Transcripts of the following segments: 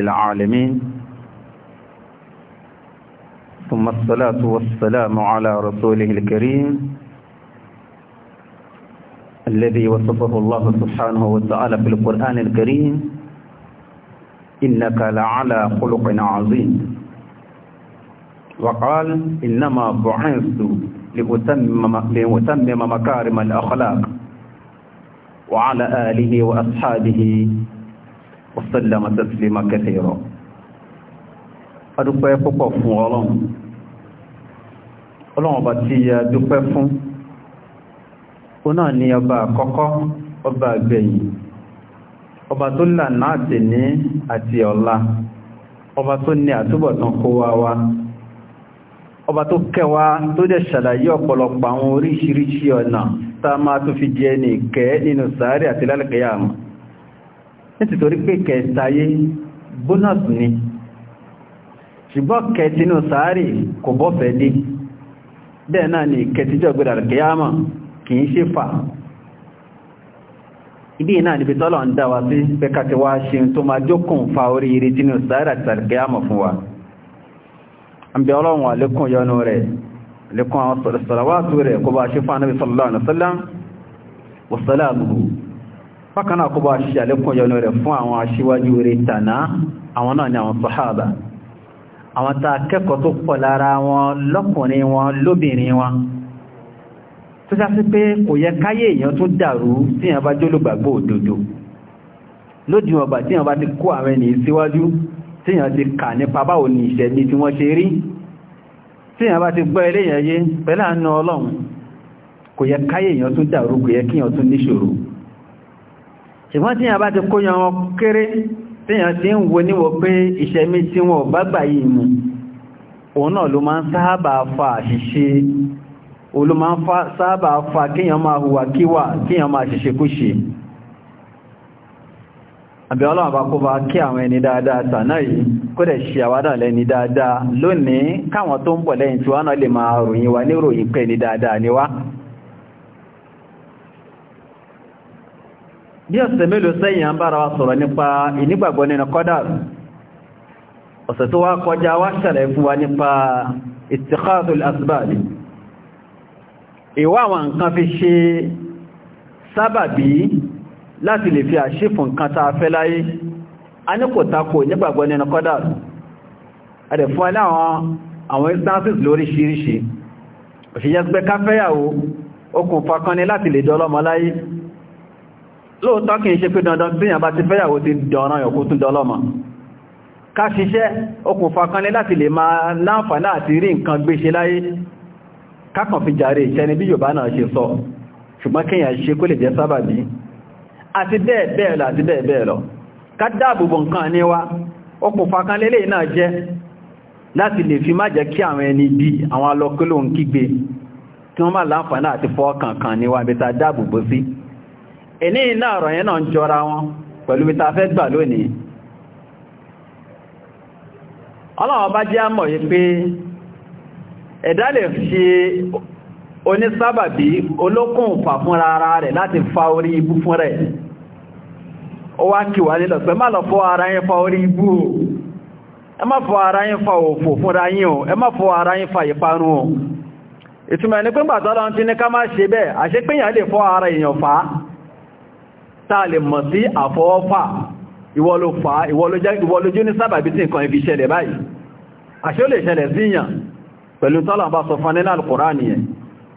العالمين ثم الصلاة والسلام على رسوله الكريم الذي وصفه الله سبحانه وتعالى في القرآن الكريم إنك لعلى خلق عظيم وقال إنما بعثت لأتمم مكارم الأخلاق وعلى آله وأصحابه وسلم تسليما كثيرا adúpẹ́ púpọ̀ fún ọlọ́run ọlọ́run ọba tí a dúpẹ́ fún ó náà ni ọba àkọ́kọ́ ọba àgbẹ̀yìn ọba tó lànà àti ní àti ọ̀la ọba tó ní àtúbọ̀tán kó wá wá ọba tó kẹwàá tó dẹ̀ ṣàlàyé ọ̀pọ̀lọpọ̀ àwọn oríṣiríṣi ọ̀nà tá a máa tó fi jẹ́ ní ìkẹ́ nínú sàárẹ̀ àti lálẹ́kẹ̀ẹ́ àmọ́ nítorí pé kẹtayé bonus ni ṣùgbọ́n kẹtinú sáárì kò bọ́fẹ́ dé bẹ́ẹ̀ náà ni kẹtijọ́ gbẹ̀rẹ̀ àrẹ̀kẹ́yàmọ̀ kìí ṣe fà ibi náà níbi tọ́lọ̀ ń dáwà sí pẹ́kàtí wá ṣe tó máa jókùn fa orí irí tínú sáárì àti àrẹ̀kẹ́yàmọ̀ fún wa ń bẹ ọlọ́run àlékún yọnu rẹ̀ àlékún àwọn sọ̀rọ̀wátú rẹ̀ kó fún anábì bákan náà kó bá ṣe àlékún yọnu rẹ̀ fún àwọn aṣíwájú rẹ̀ tàná àwọn náà ni àwọn sàhábà àwọn ta kẹ́kọ̀ọ́ tó pọ̀ lára wọn lọ́kùnrin wọn lóbìnrin wọn tó sáfí pé kò yẹ káyé èèyàn tó dàrú tí èèyàn bá jólùgbàgbọ́ òdodo lójú ni ìṣẹ̀lẹ̀ tí wọ́n ṣe rí tí èèyàn bá ti gbọ́ eléyàn yé kò yẹ káyé èèyàn tó dàrú kò yẹ kíyàn tó níṣòro ṣùgbọ́n tí yàn bá ti kó yan wọn kéré tí yàn ti ń wo níwọ̀ pé ìṣẹ́mí tí wọn bá gbà yìí mú òun náà ló máa ń sáábà fa àṣìṣe olú máa ń sáábà fa kíyàn máa hùwà kíwà kíyàn máa ṣìṣe kúṣe àbí ọlọ́run bá kó bá kí àwọn ẹni dáadáa bí ọ̀sẹ̀ mélòó sẹ́yìn ń bára wa sọ̀rọ̀ nípa ìnígbàgbọ́ nínú kọ́dà ọ̀sẹ̀ tó wá kọjá wá ṣẹlẹ̀ fún wa nípa ìtìkáàtùl asbáàlì ìwá àwọn nǹkan fi ṣe sábàbí láti lè fi àṣífù nǹkan ta fẹ́ láyé a ní kò takò nígbàgbọ́ nínú kọ́dà ẹ̀rẹ̀ fún alẹ́ àwọn instances lóríṣiríṣi òṣìyẹ́ gbẹ́ káfẹ́yàwó okùnfà kan lóòótọ́ kìí ṣe pé dandan bí ìyàn bá ti fẹ́yàwó ti dọ̀ràn yọ̀kú tún dọ́lọ́mọ̀ ká ṣiṣẹ́ okùnfà kanlẹ̀ láti lè máa láǹfààní àti rí nǹkan gbéṣe láyé kákan fi jàre ìṣẹ́ni bí Yorùbá náà ṣe sọ ṣùgbọ́n kíyàn ṣe kó lè jẹ́ sábàbí àti bẹ́ẹ̀ bẹ́ẹ̀ lọ àti bẹ́ẹ̀ bẹ́ẹ̀ lọ ká dáàbòbò nǹkan ní wa okùnfà kanlẹ̀ lè náà jẹ́ ẹni iná ọ̀rọ̀ yẹn náà ń jọra wọn pẹ̀lú bí ta fẹ́ gbà lónìí ọlọ́wọ́ bá jẹ́ mọ̀ yí pé ẹ̀dá lè ṣe onísábàbí olókùn fà fúnra ara rẹ̀ láti fa orí ibú fún rẹ̀ ó wá kíwà nílọ̀ pé má lọ fọ́ ara yẹn fa orí ibú o ẹ má fọ́ ara yẹn fa òfò fúnra yín ẹ má fọ́ ara yẹn fa ìparun o ní pínpàtọ́lọ́n ti ní ká má ṣe bẹ́ẹ̀ àṣépéyàn lè fọ́ ara èèyàn fàá táà lè mọ̀ sí àfọwọ́fà ìwọ ló fà ìwọ ló jẹ́ ìwọ ló jẹ́ ní sábàbí tí nǹkan ibi ṣẹlẹ̀ báyìí àṣẹ ó lè ṣẹlẹ̀ síyàn pẹ̀lú tọ́lọ̀mbá sọ fún nínú alkùránì ẹ̀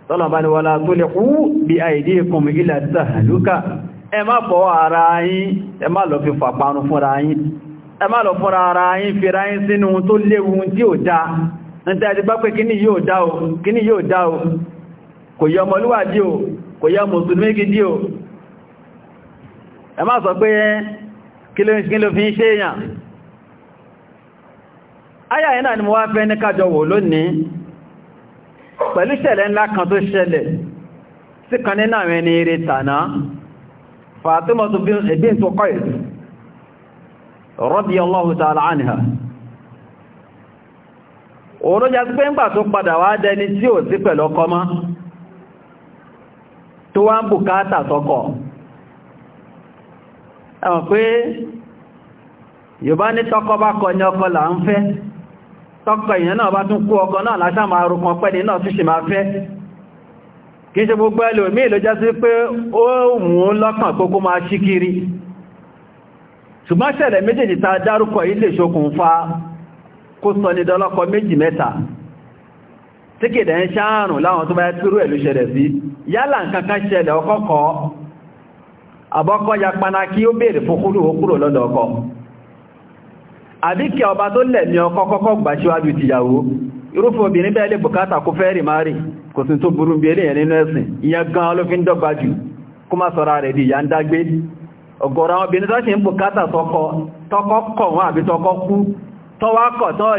tọ́lọ̀mbá ni wala tulqu bi aydikum ila tahluka ẹ má fọ́ ara yín ẹ má lọ fi fàparun fúnra yín ẹ má lọ fúnra ara yín fira yín sínú tó léwu tí ò dá ń tẹ́ẹ̀dì bá pé kíní yóò dá o kíní yóò dá o kò yọ ọmọlúwàdí o kò yọ mùsùlùmí gidi o ẹ má sọ pé fi ń ṣe èèyàn ayà yìí náà ni mo wá fẹ́ ní kájọ wò lónìí pẹ̀lú ìṣẹ̀lẹ̀ ńlá kan tó ṣẹlẹ̀ sí kan nínú àwọn ẹni eré tàná Fatimatu bint Qais tó ẹ̀wọ̀n pé Yorùbá ní tọ́kọ bá kọ ní ọkọ là ń fẹ́ tọ́kọ ìyẹn náà bá tún kú ọkọ náà láṣà máa rúkan pẹ́ni náà tún ṣe máa fẹ́ kìí ṣe gbogbo ẹlòmíì ló já sí pé ó mú lọ́kàn kókó máa ṣí kiri ṣùgbọ́n méjèèjì ta dárúkọ yìí ṣokùnfà kó sọ ní dọ́lọ́kọ méjì mẹ́ta tí ń ṣáàrùn láwọn tó bá yá tírú ẹ̀ ṣẹlẹ̀ sí yálà nǹkan kan ṣẹlẹ̀ ọkọ́kọ́ àbọ́kọ́ ya paná kí ó bèèrè fún kúrò kúrò lọ́dọ̀ ọkọ àbí kí ọba tó lẹ̀mí ọkọ kọ́kọ́ gbà síwájú tìyàwó irúfẹ́ obìnrin bẹ́ẹ̀ lè bùkátà kó fẹ́ rì máa kò sí tó burú bí eléyàn di ìyà ń dágbé ọ̀gọ̀rọ̀ àwọn obìnrin tó ṣe ń bùkátà tọkọ tọkọ kọ̀ wọn àbí tọkọ kú tọwákọ̀ tọ́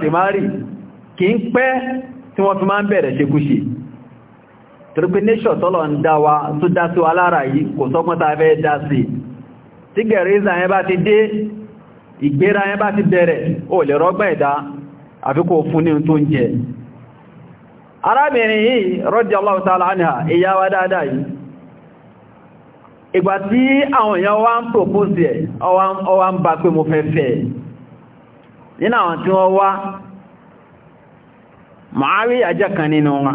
tribunation tọ́lọ̀ ń dá wa tó dá sí wa lára yìí kò sọ́gbọ́n ta dá sí tí gẹ̀rẹ́sà yẹn bá ti dé ìgbéra yẹn bá ti bẹ̀rẹ̀ ó lè rọ́gbọ́n ẹ̀dá àfikò fún ní tó ń jẹ arábìnrin yìí radiyallahu ta'ala anha wa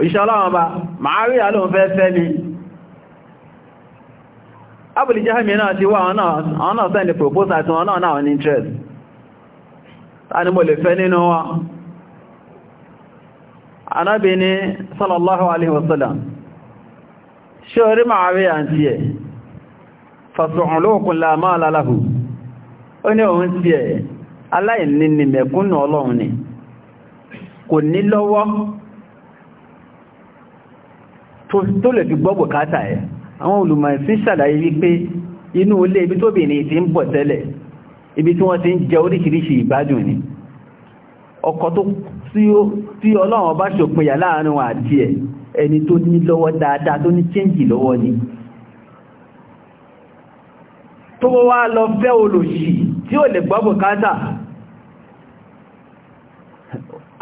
òṣìṣẹ́ ọlọ́wọ́n bá Muawiya ló ń fẹ́ fẹ́ ni Abul Jahmi náà ti wá àwọn náà sẹ́ni proposal tí wọ́n náà náà ní interest ta ni mo lè fẹ́ nínú wọn anábi ni sallallahu alaihi wasallam ṣe orí Muawiya àti ẹ̀ fasuhun lókun láàmà alálahu ó ní òun ti ẹ̀ aláìní ni mẹ̀kúnnù ọlọ́run ni kò lọ́wọ́ tó lè fi gbọ́ bùkátà ẹ̀ àwọn olùmọ̀ ìsìn ṣàlàyé wípé inú ilé ibi tó bìnrin ti ń bọ̀ tẹ́lẹ̀ ibi tí wọ́n ti ń jẹ oríṣiríṣi ìgbádùn ni ọkọ tí ọlọ́run bá ṣòpinya láàrin wọn àti ẹ̀ ẹni tó ní lọ́wọ́ dáadáa tó ní chẹ́ǹjì lọ́wọ́ ni tó wá lọ fẹ́ olòṣì tí ó lè gbọ́ bùkátà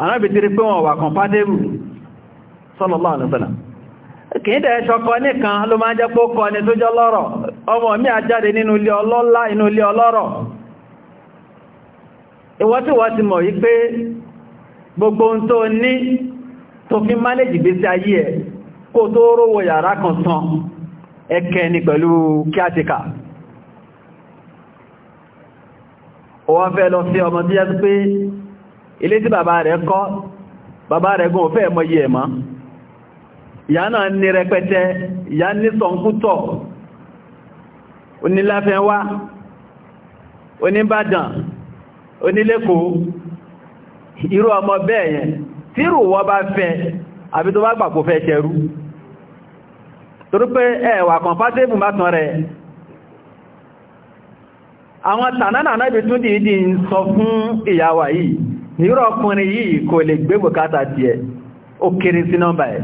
arábìtiri pé wọn wà kọ̀mpátẹ́rù sallallahu alaihi wasallam kìí dẹ̀ ṣọkọ nìkan ló máa jẹ́ pó kọ ni tó jọ lọ́rọ̀ ọmọ nínú ilé ọlọ́lá inú ilé ọlọ́rọ̀ mọ̀ yí pé gbogbo ohun tó ní tó fi mánéjì sí ayé ẹ̀ kó tó rówó yàrá kan ni pẹ̀lú kíátíkà ofe ìyá náà ní rẹpẹtẹ ìyá ní sọ̀nkútọ̀ oníláfẹ́wá oníbàdàn onílẹ́kòó irú ọmọ bẹ́ẹ̀ yẹn tí rò wọ́n bá fẹ́ àbí tó bá gbà kò fẹ́ ṣẹrú torí pé ẹ̀wà kọ̀nfátébù mátàn rẹ̀ àwọn tànánà náàbì tún dìídì ń sọ fún ìyàwó yìí nírọ̀ yìí kò lè tiẹ̀ ó kéré sí nọ́mbà ẹ̀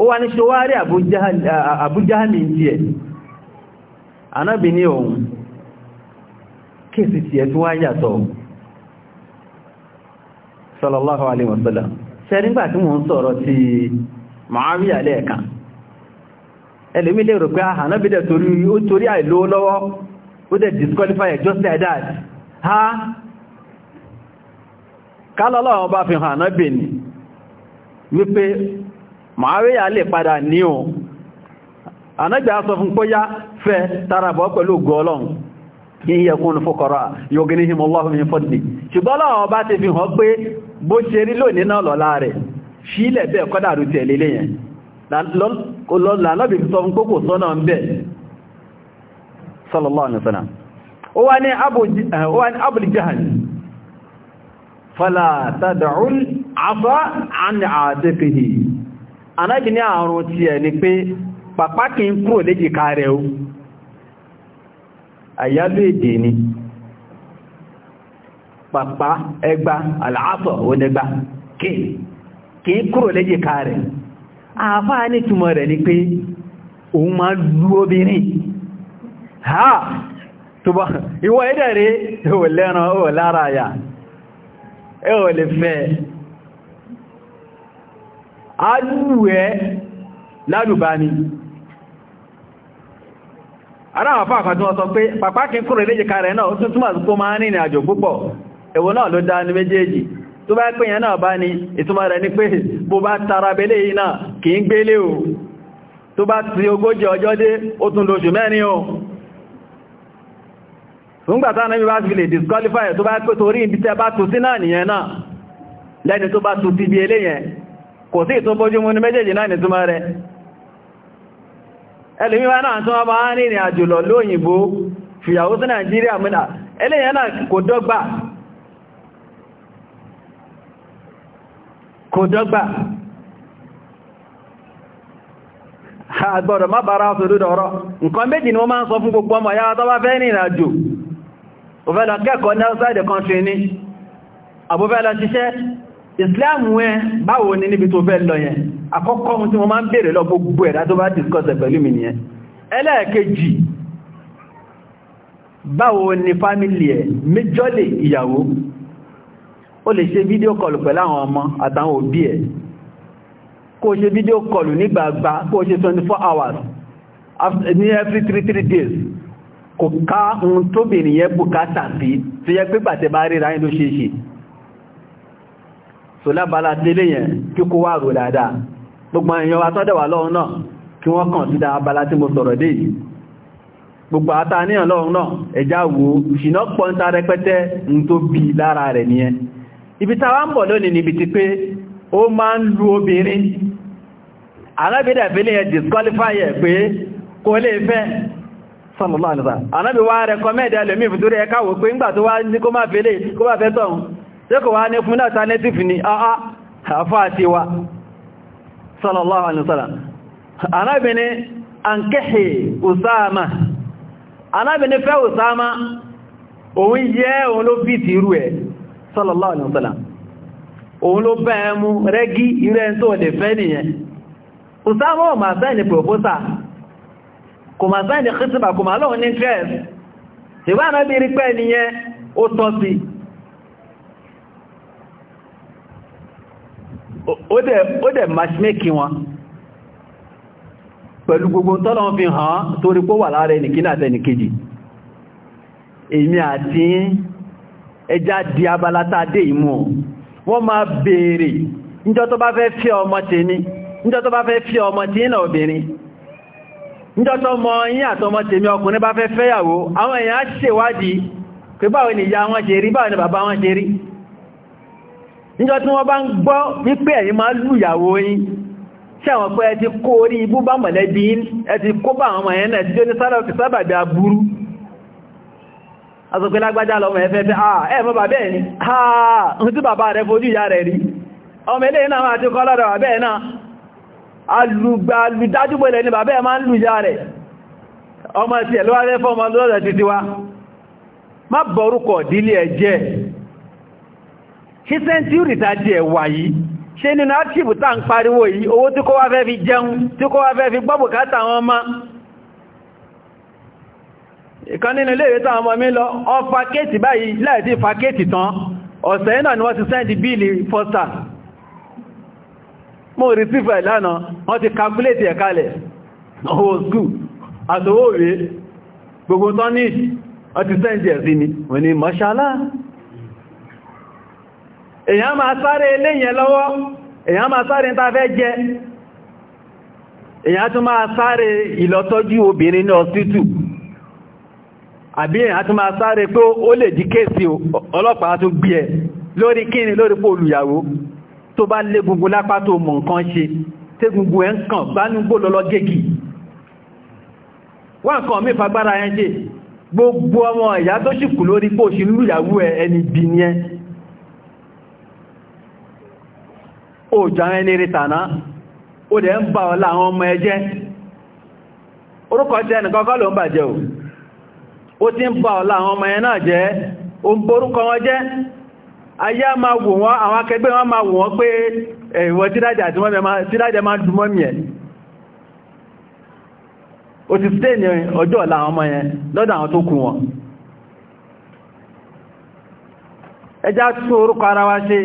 ó wá ní ṣe wá rí àbújáhálì tí ẹ̀ anábì ní òun kéèsì tí ẹ̀ tí wá sallallahu alaihi wasallam tí wọ́n sọ̀rọ̀ ti Muawiya ah, Tori just like ha kálọ́lọ́wọ́ bá fi hàn ní màáríyà lè padà ní o anájá sọ fún pọ́yá fẹ́ tarabọ́ pẹ̀lú gọ́ọ̀lọ́n in yakunu fuqara yughnihim Allahu min fadli ṣùgbọ́n láwọn ọba ti fi hàn pé bó ṣe rí lónìí eh, fala asa 'an anábi ní àrùn ti ẹ̀ ni pé pàpá kí ń kúrò rẹ̀ o A èdè ni pàpá ẹgbà àlàáfọ̀ onígbà kí kí ń kúrò léjìká rẹ̀ àfáà ní túnmọ̀ rẹ̀ ni pé òun máa lú obìnrin ha tuba ìwọ ẹ̀dẹ̀ ò lẹ́ran ò lára àyà ẹ̀ ò alúwẹ́ lálùbami ara àwọn fàkàn tí wọ́n sọ pé pàpá kí kúrò ilé jẹka rẹ̀ náà ó tún túnmà tó máa rìnrìn àjò púpọ̀ èwo náà ló dá ní méjèèjì tó bá pèyàn náà bá ní rẹ̀ ní pé bó tara belé yìí náà kì gbélé o tó bá ti ogójì ọjọ́ dé o kò sí ìtúnbójúmú ní méjèèjì náà nìtúmọ̀ rẹ̀ ẹlùmíwá náà tó wá bá ń rìnrìn àjò lọ lóyìnbó fìyàwó sí nàìjíríà múnà eléyàn náà kò dọ́gba kò dọ́gba àgbọ̀dọ̀ má bára sòdúdọ̀ ọ̀rọ̀ nǹkan méjì ni wọ́n máa ń sọ fún gbogbo ọmọ ya tó fẹ́ rìnrìn àjò kẹ́kọ̀ọ́ outside country ni ṣiṣẹ́ islam wẹ́ báwo ni níbi tó fẹ́ lọ yẹn àkọ́kọ́ ohun tí wọ́n máa ń bèèrè lọ gbogbo ẹ̀dá tó bá discuss pẹ̀lú mi nìyẹn ẹlẹ́ẹ̀kejì báwo ni fámílì ẹ̀ méjọ́lè ìyàwó ó lè ṣe fídíò kọlù pẹ̀lú àwọn ọmọ àtàwọn òbí ẹ̀ kó ṣe fídíò kọlù nígbàgbà kó ṣe 24 hours ní every 3-3 days kò ká ohun tóbìnrin yẹn bùkátà sí tó yẹ pé gbàtẹ̀ bá ríra yìí ló ṣeéṣe so lábàlá délé yẹn kí kó wà rò dáadáa gbogbo èèyàn wa tọ́dẹ̀ wà lọ́run náà kí wọ́n kàn sí dáa abala tí mo sọ̀rọ̀ dé yìí gbogbo àta níyàn lọ́run náà ẹjá wo ṣìnà pọ̀ ń rẹpẹtẹ ń tó bí lára rẹ̀ nìyẹn disqualify ẹ̀ pé kò lè fẹ́ sallallahu alaihi wasallam anábìwá rẹ̀ kọ́mẹ́ẹ̀dẹ̀ lómi ìfúdúrí ẹ̀ká wò pé ńgbà tó ṣé kò wá ní fún náà alternative ni àá ah, ah, àfáà ti wa sallallahu alaihi wasallam arábìnrin ankehe usama arábìnrin fẹ́ usama òun yẹ́ òun ló fi ti irú ẹ̀ sallallahu alaihi wasallam òun ló bẹ́ ẹmú rẹ́gí irẹ́ tó lè fẹ́ usama ò máa sẹ́ni proposal kò máa sẹ́ni kìtìbà kò máa lóun ní o dẹ̀ matchmaking wọn pẹ̀lú gbogbo tọ́lọ̀ fi hàn torí wà láàrẹ ẹnìkí náà tẹnìkejì èmi àti ẹjá di abalata dé ìmú wọ́n máa béèrè níjọ́ tó bá fẹ́ fi ọmọ tí ní níjọ́ tó bá fẹ́ fi ọmọ tí ní obìnrin níjọ́ tó mọ àtọmọ tèmi ọkùnrin bá fẹ́ fẹ́yàwó àwọn èèyàn ṣèwádìí ìyá wọn ṣe rí níjọ́ tí wọ́n bá ń gbọ́ wípé ẹ̀yin máa lù ìyàwó yín ṣẹ̀wọ̀n pé ẹ ti kó orí ibú bá mọ̀lẹ́bí ẹ ti kó bá àwọn ẹ̀yẹn náà tí ó ní sábàbí aburú ni ọ̀hún tí bàbá rẹ̀ fojú ìyá rẹ̀ rí ọmọ ilé náà máa ti kọ́ lọ́dọ̀ bàbá ẹ̀ náà alùdájúgbẹ̀lẹ̀ ni bàbá ẹ̀ máa ṣe sẹ́ntúrì tàbí ẹ̀wà yìí ṣe nínú áṣìbù tàà ń pariwo yìí owó tí kó wá fẹ́ fi jẹun tí kó wá fẹ́ fi gbọ́ bùkátà àwọn ọmọ ìkan nínú mo rí sífà ìlànà wọ́n ti kàkúlẹ̀tì ẹ̀kalẹ̀ owó skú àtòwò rèé gbogbo tán ní ọ sẹ́ndì ẹ̀sí ni wọ́n ni mọ́ṣálá èyàn máa sáré eléyìn lọ́wọ́ èyàn máa sáré ń tafẹ́ jẹ èyàn tún máa sáré ìlọtọ́jú obìnrin ní ọsítù àbí èyàn tún máa sáré pé ó lè jí kéèsì ọlọ́pàá tó gbí ẹ lórí kíni lórí pòlùyàwó tó bá lé gungun lápá tó mọ̀ nǹkan ṣe tí gungun ẹ ń kàn bá ní gbó lọ́lọ́ gẹ́gì wọ́n nǹkan mí fagbára ẹ jẹ́ gbogbo ọmọ ìyá tó ṣìkù lórí pòṣìlú ìyàwó ẹni bì ní ẹ òjò àwọn ẹni rítàná ó dẹ̀ ń bá ọlá àwọn ọmọ ẹjẹ́ orúkọ tí ẹnìkan kọ́ ló ń ò ó ti ń bá ọlá àwọn ọmọ ẹ náà jẹ́ ó ń borúkọ wọn jẹ́ ayé a máa wò wọ́n àwọn akẹgbẹ́ wọn ma wò wọ́n pé ẹ̀wọ̀ dùn wọn orúkọ ara wa ṣe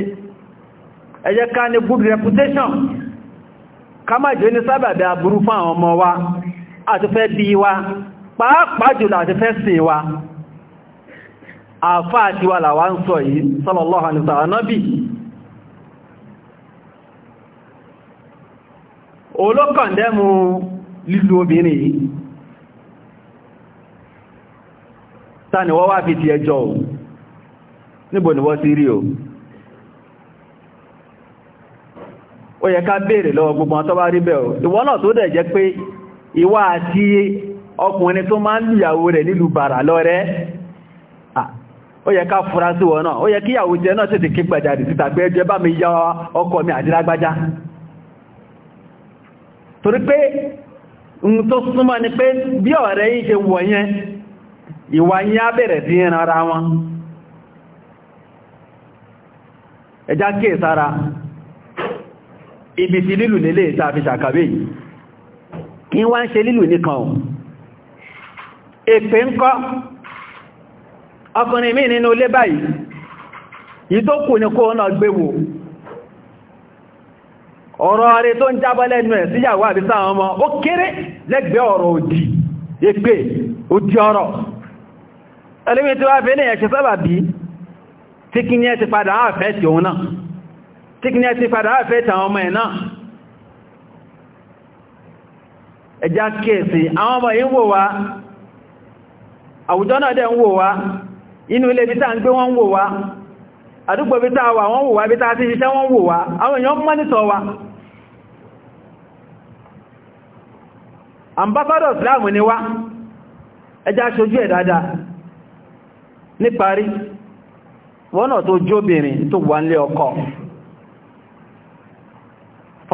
ẹ ká ní good reputation ká má jẹ́ ní sábàbí aburú fún àwọn ọmọ wa àti fẹ́ bí wa pàápàá jùlọ àti fẹ́ sìn wa àfá àti wà làwá ń sọ yìí sallallahu alaihi wasallam Ànábì olókàndẹ́mù lílù obìnrin yìí tàníwọ́ wá fi ti ẹjọ́ níbo ni wọ́n ti rí o ó yẹ ká bèèrè lọ gbogbo ọ̀tọ́ bá rí o ìwọ náà tó dẹ̀ jẹ́ pé ìwà àti ọkùnrin tó máa ń lùyàwó rẹ̀ nílùú bàrà rẹ̀ ó yẹ ká fura sí wọn náà ó yẹ kí jẹ náà tètè ké gbàjarì síta pé bá mi ọkọ mi torí pé n tó ni pé bí ọ̀rẹ́ yìí ṣe wọ̀ yẹn ìwà á bẹ̀rẹ̀ wọn ẹjá ibi tí lílù nílé ìta fi ṣàkàbé yìí kí wá ń ṣe lílù nìkan ọ̀ èpè ń kọ́ ọkùnrin mí nínú ilé báyìí yìí tó kù ní kó náà gbéwò ọ̀rọ̀ rẹ̀ tó ń jábọ́ lẹ́nu ẹ̀ síyàwó àbí sáwọn ọmọ ó kéré lẹ́gbẹ̀ẹ́ ọ̀rọ̀ òdì ti padà áàfẹ́ sickness padà affect àwọn ọmọ ẹ̀ náà ẹjá kíẹ̀sì àwọn ọmọ yìí ń wò wá àwùjọ náà dẹ̀ ń wò wá inú ilé bí tá ń gbé wọ́n wò wá àdúgbò bí wà wọ́n wò wá bí wa ambassador Islam ni wá ẹjá ṣojú ẹ̀ dáadáa níparí wọ́n náà tó jóbìnrin tó ọkọ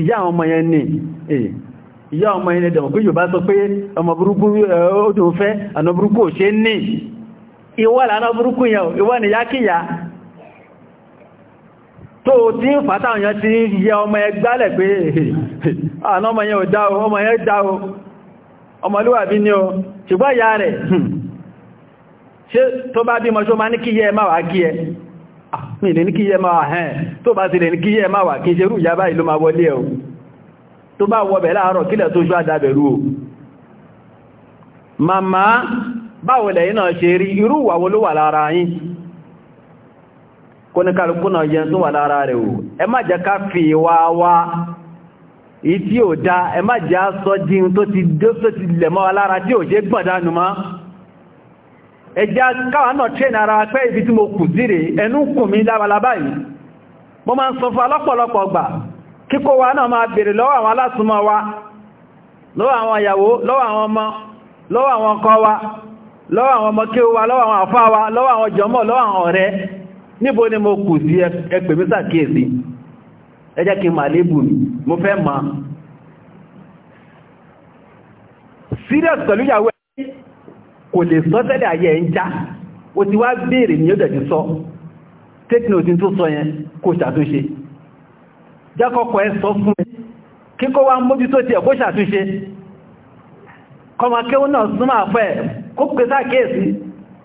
ìyá àwọn ọmọ yẹn ní ìyá ọmọ yẹn dẹ̀mọ̀ pé yóò bá sọ pé ọmọ burúkú ó fẹ́ ọmọ burúkú ò ṣe ní ìwọ́ burúkú yẹn ìwọ́ ni yákíyà tó tí ń ti yẹ ọmọ yẹn gbálẹ̀ ọmọ ọmọ mi lè ní kí yẹ máa hẹ́n tó bá ti lè ní kí yẹ máa wà kí ṣe rú ìyá báyìí ló máa wọlé ẹ̀ tó bá wọbẹ̀ láàárọ̀ kílẹ̀ tó ṣọ́ àdábẹ̀rú o màmá báwo lẹ̀yin náà ṣe rí irú ìwà wo ló wà lára yín ẹjá káwà náà train ara pẹ́ ibi tí mo kù síre ẹnu kùn mi lábalábá yìí mo máa ń sọ fún alọ́pọ̀lọpọ̀ gbà kíkó wa náà máa bèèrè lọ́wọ́ àwọn alásùnmọ́ wa lọ́wọ́ àwọn ìyàwó lọ́wọ́ àwọn ọmọ lọ́wọ́ àwọn ọkọ serious pẹ̀lú ìyàwó kò lè sọ tẹ́lẹ̀ ayé ẹ̀ ń já o ti wá béèrè ní ọjọ́ ti sọ tẹ́kínò tí tó sọ yẹn kò ṣàtúnṣe jákọ́kọ́ ẹ sọ fún ẹ kíkọ́ wá mójú tó ti ẹ̀ kó ṣàtúnṣe kọmọkéwú náà súnmọ́ àfẹ́ kó pè sáàkéèsí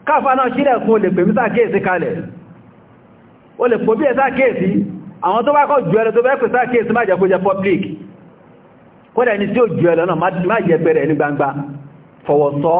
káfà náà sílẹ̀ fún olè pèmí sáàkéèsí kalẹ̀ olè pòbí ẹ̀ sáàkéèsí àwọn tó bá kọ́ jù ẹ̀rẹ́ tó bẹ́ pè sáàkéèsí má jẹ́ kó jẹ́ public kódà ẹni tí ó jù ẹ̀rẹ́ fọwọ́sọ́